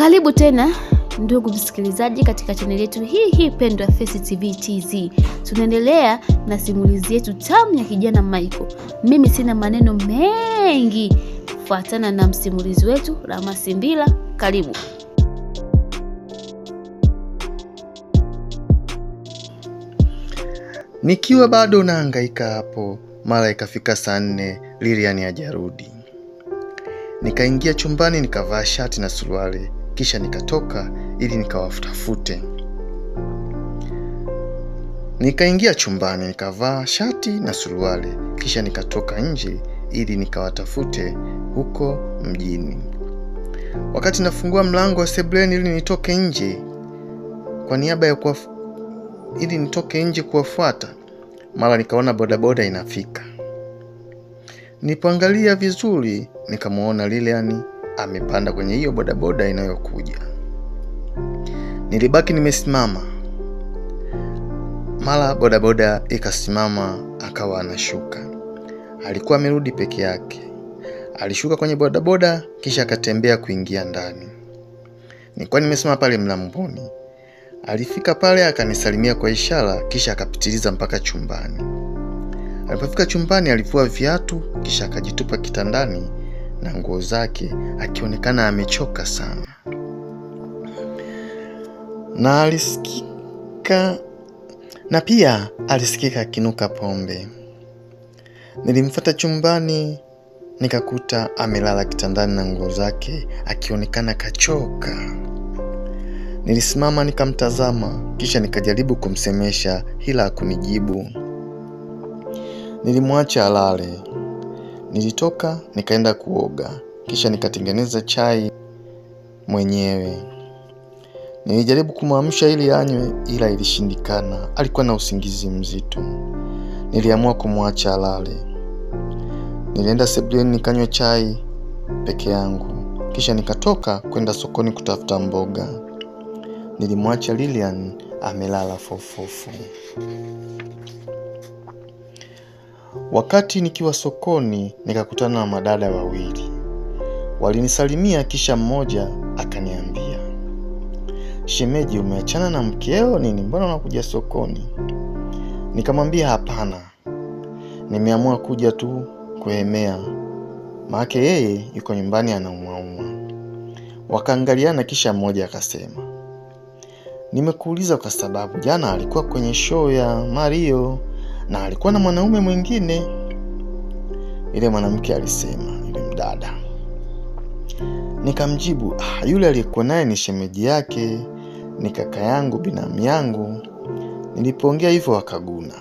Karibu tena ndugu msikilizaji, katika chaneli yetu hii hii pendwa Face TV TZ, tunaendelea na simulizi yetu tamu ya kijana Michael. Mimi sina maneno mengi, fuatana na msimulizi wetu Rama Simbila. Karibu. Nikiwa bado naangaika hapo, mara ikafika saa nne, Lilian hajarudi. Nikaingia chumbani nikavaa shati na suruali kisha nikatoka ili nikawatafute. Nikaingia chumbani nikavaa shati na suruali, kisha nikatoka nje ili nikawatafute huko mjini. Wakati nafungua mlango wa sebleni ili nitoke nje kwa niaba ya kuwa ili nitoke nje kuwafuata, mara nikaona bodaboda inafika. nipoangalia vizuri nikamwona Lilian amepanda kwenye hiyo bodaboda inayokuja. Nilibaki nimesimama, mara bodaboda ikasimama, akawa anashuka. Alikuwa amerudi peke yake, alishuka kwenye bodaboda kisha akatembea kuingia ndani. Nilikuwa nimesimama pale mlamboni Alifika pale akanisalimia kwa ishara, kisha akapitiliza mpaka chumbani. Alipofika chumbani, alivua viatu, kisha akajitupa kitandani na nguo zake akionekana amechoka sana, na alisikika na pia alisikika akinuka pombe. nilimfata chumbani nikakuta amelala kitandani na nguo zake akionekana kachoka. Nilisimama nikamtazama, kisha nikajaribu kumsemesha, hila akunijibu Nilimwacha alale. Nilitoka nikaenda kuoga, kisha nikatengeneza chai mwenyewe. Nilijaribu kumwamsha ili anywe, ila ilishindikana, alikuwa na usingizi mzito. Niliamua kumwacha alale. Nilienda sebuleni nikanywa chai peke yangu, kisha nikatoka kwenda sokoni kutafuta mboga. Nilimwacha Lilian amelala fofofo. Wakati nikiwa sokoni nikakutana na madada wawili. Walinisalimia kisha mmoja akaniambia, "Shemeji, umeachana na mkeo nini? Mbona unakuja sokoni?" Nikamwambia, "Hapana, nimeamua kuja tu kuhemea, maake yeye yuko nyumbani anaumwaumwa Wakaangaliana kisha mmoja akasema, "Nimekuuliza kwa sababu jana alikuwa kwenye show ya Mario." na alikuwa na mwanaume mwingine ile mwanamke alisema ile mdada nikamjibu ah, yule aliyekuwa naye ni shemeji yake ni kaka yangu binamu yangu nilipoongea hivyo wakaguna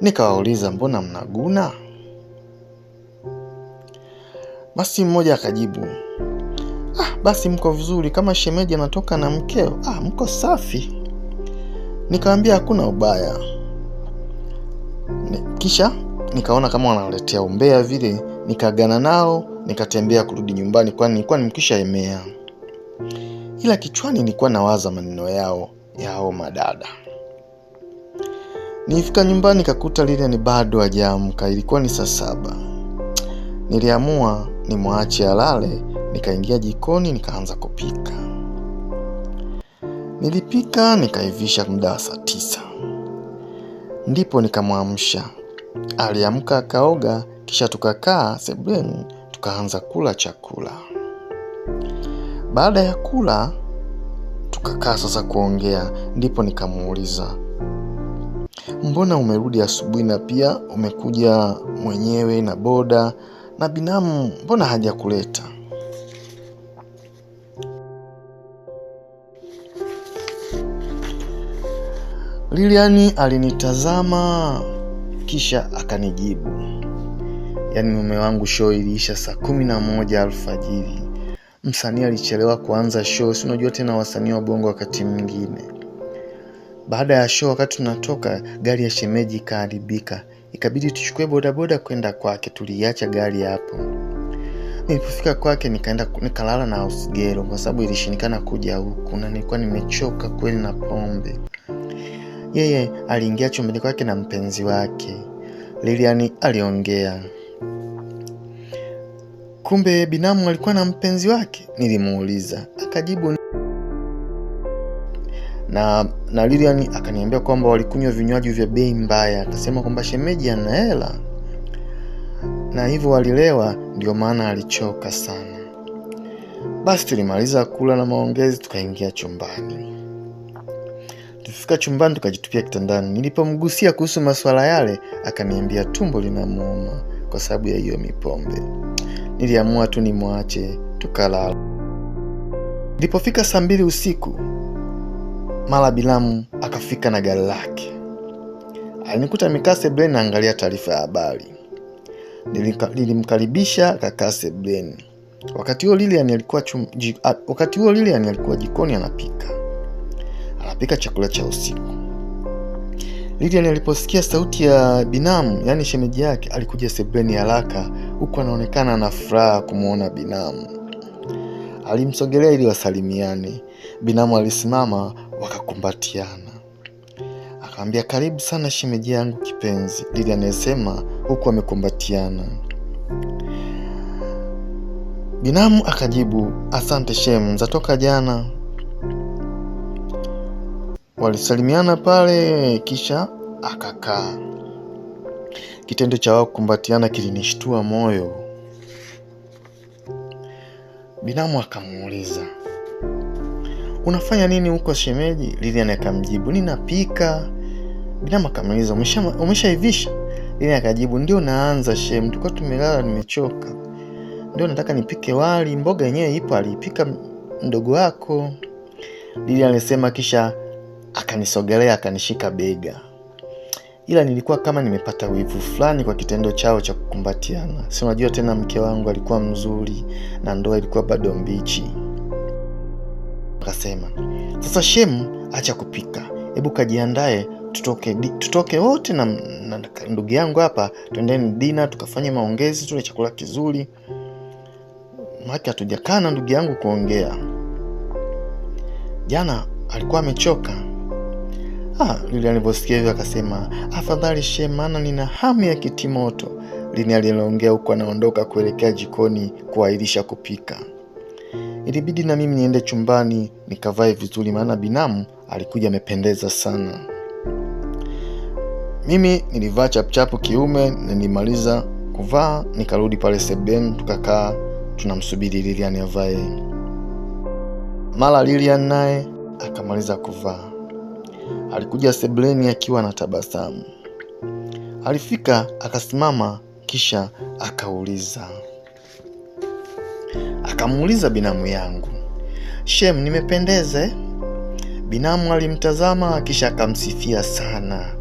nikawauliza mbona mnaguna basi mmoja akajibu ah, basi mko vizuri kama shemeji anatoka na mkeo ah, mko safi nikawambia hakuna ubaya kisha nikaona kama wanaletea umbea vile, nikagana nao nikatembea kurudi nyumbani, kwani nilikuwa nimkisha emea, ila kichwani nilikuwa nawaza maneno yao yao madada. Nilifika nyumbani lile ni bado hajaamka, ilikuwa ni saa saba. Niliamua nimwache alale, nikaingia jikoni nikaanza kupika. Nilipika nikaivisha muda wa saa tisa ndipo nikamwamsha. Aliamka akaoga, kisha tukakaa sebuleni tukaanza kula chakula. Baada ya kula tukakaa sasa kuongea, ndipo nikamuuliza, mbona umerudi asubuhi na pia umekuja mwenyewe na boda na binamu, mbona hajakuleta? liliani alinitazama kisha akanijibu, yaani mume wangu, show iliisha saa kumi na moja alfajiri. Msanii alichelewa kuanza show, si unajua tena wasanii wa bongo wakati mwingine. Baada ya show, wakati tunatoka, gari ya shemeji ikaharibika, ikabidi tuchukue bodaboda kwenda kwake. Tuliacha gari hapo. Nilipofika kwake, nikaenda nikalala na Ausgero kwa sababu ilishindikana kuja huku, na nilikuwa nimechoka kweli na pombe. Yeye aliingia chumbani kwake na mpenzi wake. Lilian aliongea. Kumbe binamu alikuwa na mpenzi wake, nilimuuliza. Akajibu na, na Lilian akaniambia kwamba walikunywa vinywaji vya bei mbaya. Akasema kwamba shemeji anahela na hivyo walilewa, ndio maana alichoka sana. Basi tulimaliza kula na maongezi, tukaingia chumbani. Tulifika chumbani tukajitupia kitandani. Nilipomgusia kuhusu masuala yale, akaniambia tumbo linamuuma kwa sababu ya hiyo mipombe. Niliamua tu nimwache, tukalala. Nilipofika saa mbili usiku, mara Bilamu akafika na gari lake. Alinikuta amekaa sebuleni naangalia taarifa ya habari. Nilimkaribisha akakaa sebuleni. Wakati huo Lilian alikuwa jikoni anapika anapika chakula cha usiku lilian aliposikia sauti ya binamu yaani shemeji yake alikuja sebleni haraka huku anaonekana na furaha kumwona binamu alimsogelea ili wasalimiane binamu alisimama wakakumbatiana akaambia karibu sana shemeji yangu kipenzi lili anayesema huku amekumbatiana binamu akajibu asante shem zatoka jana Walisalimiana pale kisha akakaa. Kitendo cha wao kukumbatiana kilinishtua moyo. Binamu akamuuliza, unafanya nini huko shemeji? Lilian akamjibu, ninapika. Binamu akamuuliza, umeshaivisha? lili akajibu, ndio naanza shem, tukuwa tumelala, nimechoka, ndio nataka nipike wali, mboga yenyewe ipo, aliipika mdogo wako, lili alisema kisha akanisogelea akanishika bega ila nilikuwa kama nimepata wivu fulani kwa kitendo chao cha kukumbatiana si unajua tena mke wangu alikuwa mzuri na ndoa ilikuwa bado mbichi akasema sasa shemu acha kupika hebu kajiandae tutoke tutoke wote na, na, na ndugu yangu hapa tuendeni dina tukafanye maongezi tule chakula kizuri make hatujakaa na ndugu yangu kuongea jana alikuwa amechoka Ah, yule alivyosikia hivyo akasema, afadhali she, maana nina hamu ya kitimoto. Lini aliongea huku anaondoka kuelekea jikoni kuahirisha kupika. Ilibidi na mimi niende chumbani nikavae vizuri, maana binamu alikuja amependeza sana. Mimi nilivaa chapuchapu kiume, nilimaliza kuvaa nikarudi pale sebuleni, tukakaa tunamsubiri Lilian avae. Mara Lilian naye akamaliza kuvaa. Alikuja sebuleni akiwa na tabasamu. Alifika akasimama, kisha akauliza akamuuliza binamu yangu, Shem, nimependeze? Binamu alimtazama kisha akamsifia sana,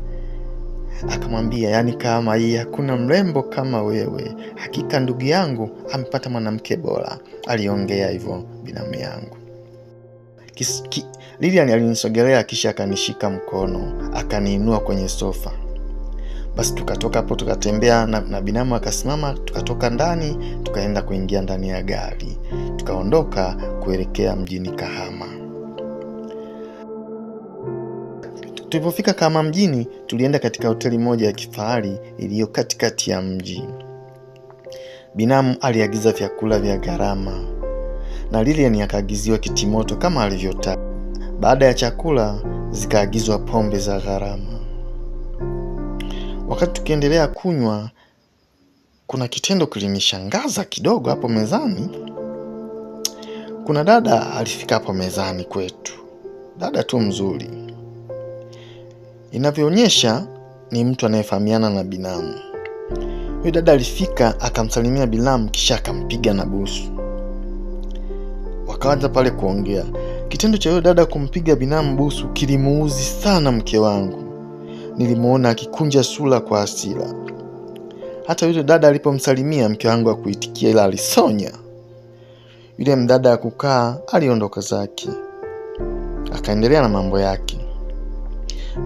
akamwambia, yaani kama hii hakuna mrembo kama wewe, hakika ndugu yangu amepata mwanamke bora. Aliongea hivyo binamu yangu Kis, Lilian alinisogelea kisha akanishika mkono akaniinua kwenye sofa. Basi tukatoka hapo tukatembea na, na binamu akasimama, tukatoka ndani tukaenda kuingia ndani ya gari, tukaondoka kuelekea mjini Kahama. Tulipofika Kahama mjini, tulienda katika hoteli moja ya kifahari iliyo katikati ya mji. Binamu aliagiza vyakula vya gharama na Lilian akaagiziwa kitimoto kama alivyotaka. Baada ya chakula, zikaagizwa pombe za gharama. Wakati tukiendelea kunywa, kuna kitendo kilinishangaza kidogo hapo mezani. Kuna dada alifika hapo mezani kwetu, dada tu mzuri, inavyoonyesha ni mtu anayefahamiana na binamu. Huyu dada alifika akamsalimia binamu, kisha akampiga na busu, wakaanza pale kuongea Kitendo cha yule dada kumpiga binamu busu kilimuuzi sana mke wangu. nilimuona akikunja sura kwa asila Hata yule dada alipomsalimia mke wangu akuitikia ila alisonya. Yule mdada ya kukaa aliondoka zake, akaendelea na mambo yake.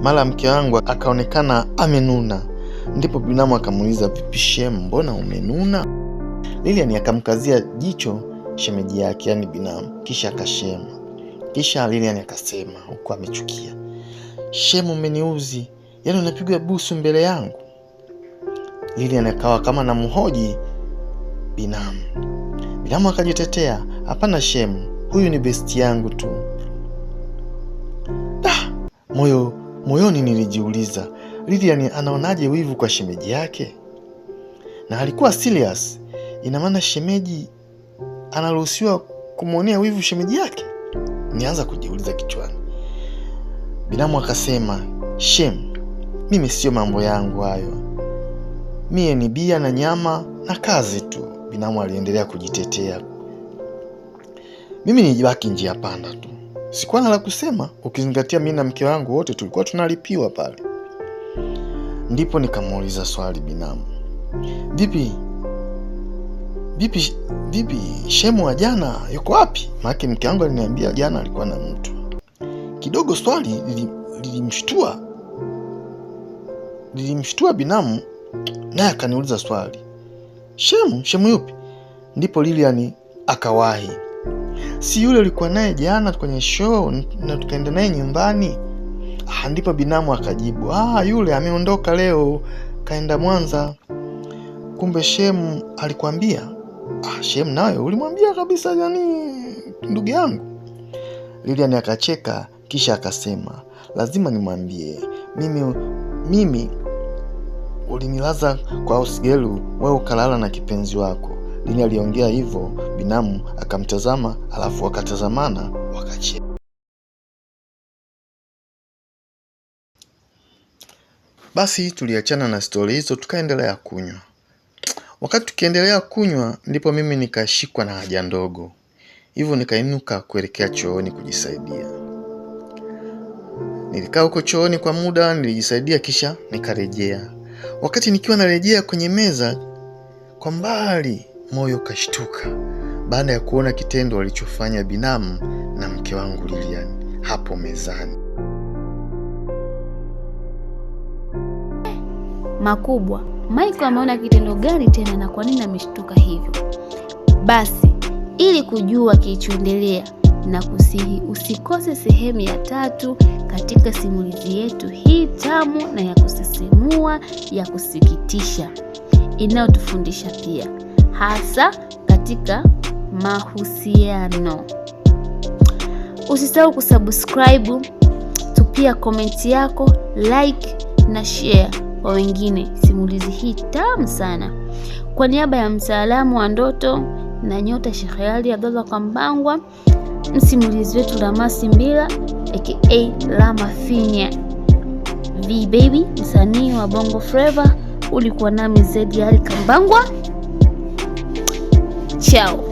Mara mke wangu akaonekana amenuna, ndipo binamu akamuuliza, vipi shemu, mbona umenuna? Lilian akamkazia jicho shemeji yake, yaani binamu, kisha akashema kisha Lilian akasema huku amechukia, shemu, umeniuzi yani unapigwa busu mbele yangu. Lilian akawa kama na mhoji binamu. Binamu akajitetea, hapana shemu, huyu ni besti yangu tu. Ah, moyo moyoni nilijiuliza Lilian anaonaje wivu kwa shemeji yake? Na alikuwa serious, ina maana shemeji anaruhusiwa kumwonea wivu shemeji yake? Nianza kujiuliza kichwani. Binamu akasema, shem, mimi sio mambo yangu hayo, mie ni bia na nyama na kazi tu. Binamu aliendelea kujitetea. Mimi nijibaki njia panda tu, sikuwa na la kusema, ukizingatia mi na mke wangu wote tulikuwa tunalipiwa pale. Ndipo nikamuuliza swali binamu, vipi vipi vipi, shemu wa jana yuko wapi? Maana mke wangu aliniambia jana alikuwa na mtu. Kidogo swali lilimshtua li, li lilimshtua binamu, naye akaniuliza swali, shemu shemu yupi? Ndipo Lilian akawahi, si yule ulikuwa naye jana kwenye show na tukaenda naye nyumbani? Ah, ndipo binamu akajibu, ah, yule ameondoka leo, kaenda Mwanza. Kumbe shemu alikwambia? ah, shem nayo ulimwambia kabisa yani ndugu yangu lilian akacheka kisha akasema lazima nimwambie mimi mimi ulinilaza kwa usigelu wee ukalala na kipenzi wako lini aliongea hivyo binamu akamtazama alafu wakatazamana wakacheka basi tuliachana na stori hizo tukaendelea kunywa Wakati tukiendelea kunywa, ndipo mimi nikashikwa na haja ndogo, hivyo nikainuka kuelekea chooni kujisaidia. Nilikaa huko chooni kwa muda, nilijisaidia kisha nikarejea. Wakati nikiwa narejea kwenye meza, kwa mbali moyo ukashtuka baada ya kuona kitendo walichofanya binamu na mke wangu Lilian hapo mezani. Makubwa Michael ameona kitendo gani tena na kwa nini ameshtuka hivyo? Basi ili kujua kilichoendelea na kusihi usikose sehemu ya tatu katika simulizi yetu hii tamu na ya kusisimua ya kusikitisha inayotufundisha pia hasa katika mahusiano. Usisahau kusubscribe, tupia komenti yako, like na share wa wengine simulizi hii tamu sana. Kwa niaba ya mtaalamu wa ndoto na nyota Ali Abdallah Kambangwa, msimulizi wetu Lamasi Mbila aka Lama Finya V Baby, msanii wa Bongo Flava, ulikuwa nami Zedi Ali Kambangwa. Chao.